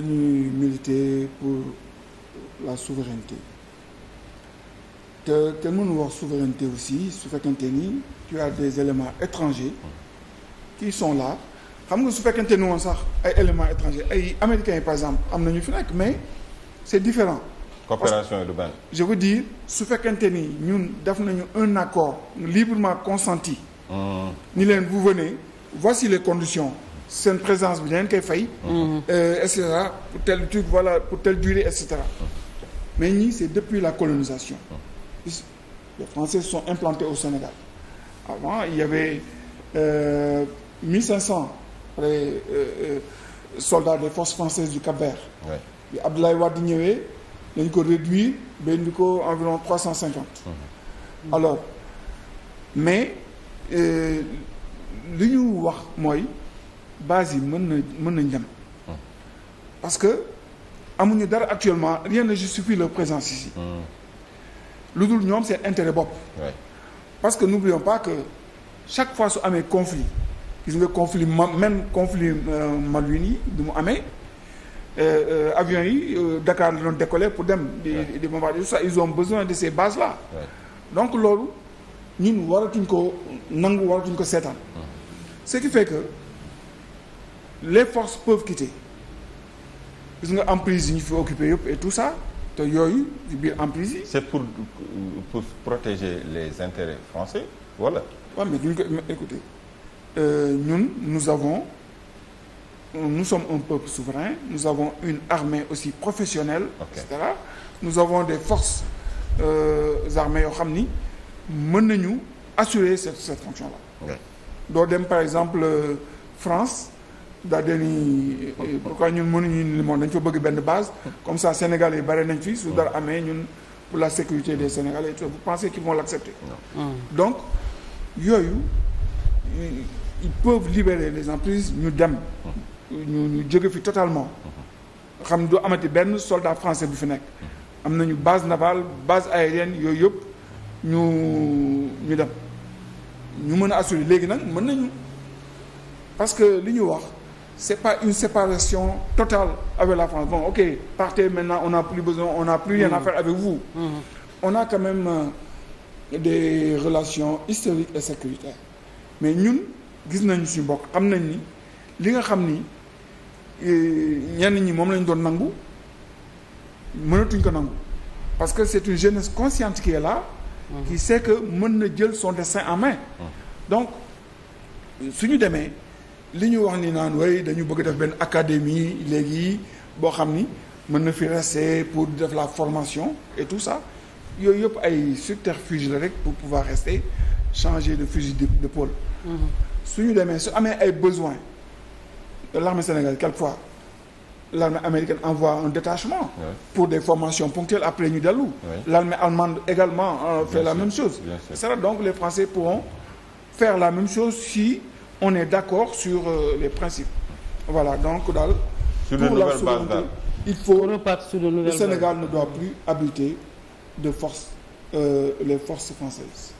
dañuy militer pour la souveraineté te kenn mënu wax souveraineté aussi su fekkente ni tu as des éléments étrangers qui sont là xam nga su fekkente ni woon sax ay éléments étrangers ay américains par exemple am nañu fi nekk mais c'est différent coopération du ban je veux dire su fekkente ni ñun def nañu un accord librement consenti mmh. ni leen vous venez voici les conditions seen présence bi leen koy fay. Euh, et pour tel truc voilà pour telle durée et cetera mais ñii c'est depuis la colonisation. les Français sont implantés au Sénégal avant il y avait euh, 1500 euh, euh, soldats des forces françaises du Cap-Vert. Ouais. bi Abdoulaye Wade ñëwee dañ ko réduire ba indi ko environ alors mais li ñu wax mooy. base yi mën na mën nañ dem parce que amuñu dara actuellement rien ne justifie leur présence ici hmm. lu dul ñoom seen intérêt bopp parce que n'oublions pas que chaque fois su amee conflit gis nga conflit ma même conflit euh, Malouine yi du mu amee euh, euh, avions yi Dakar la doon décoller pour dem di di bombarder ça ils ont besoin de ces bases là donc loolu ñun waratuñ ko nangu waratuñ ko seetaan hmm. ce qui fait que les forces peuvent quitter gis nga en yi ñu fi occupé yëpp et tout ça te yooyu ci biir emprise yi. c'est pour pour protéger les intérêts français voilà. waaw mais duñ ko écoutez euh, ñun nous avons nous sommes un peuple souverain nous avons une armée aussi professionnelle. et cetera nous avons des forces euh, armées yoo xam ni mën nañu assurer cette cette fonction là. doo dem par exemple euh, France. daa deni pourquoi ñun mënuñu ni moom dañ fa bëgg benn base comme ça Sénégal yi bare nañ fi su dara amee ñun pour la sécurité des Sénégalais vous pensez qu'ils vont l'accepter hmm. donc yooyu ils peuvent libérer les emprises ñu dem ñu ñu jóge fi totalement xam du amati benn soldat français bu fi nekk am na nañu base navale base aérienne yooyu yëpp ñu ñu dem ñu mën a assurer léegi nag mën nañu parce que li ñu wax c'est pas une séparation totale avec la France bon ok partez maintenant on a plus besoin on a plus rien à mm. faire avec vous mm. on a quand même euh, des relations historiques et sécuritaires mais ñun gis nañu si mbokk xam nañ ni li nga xam ni euh, ñenn ñi moom lañ doon nangu mënatuñ ko nangu parce que c'est une jeunesse consciente qui est là mm. qui sait que mën na jël son destin en main donc su suñu demee li ñu wax ni naan way dañu bëgg def benn académie léegi boo xam ni mën na fi rester pour def la formation et tout ça yooyu yëpp ay subterfuge la rek pour pouvoir rester changer de fusil de pôle. Mm-hmm. su ñu demee su amee ay besoins l'armée sénégalaise quelquefois l'armée américaine envoie un détachement. Ouais. pour des formations ponctuelles après ñu dellu. Ouais. l'armée allemande également euh, fait bien la sûr, même chose. et ça donc les Français pourront faire la même chose on est d'accord sur euh, les principes voilà donc daal pour la souveraineté il faut le Sénégal ne doit plus abriter de force euh, les forces françaises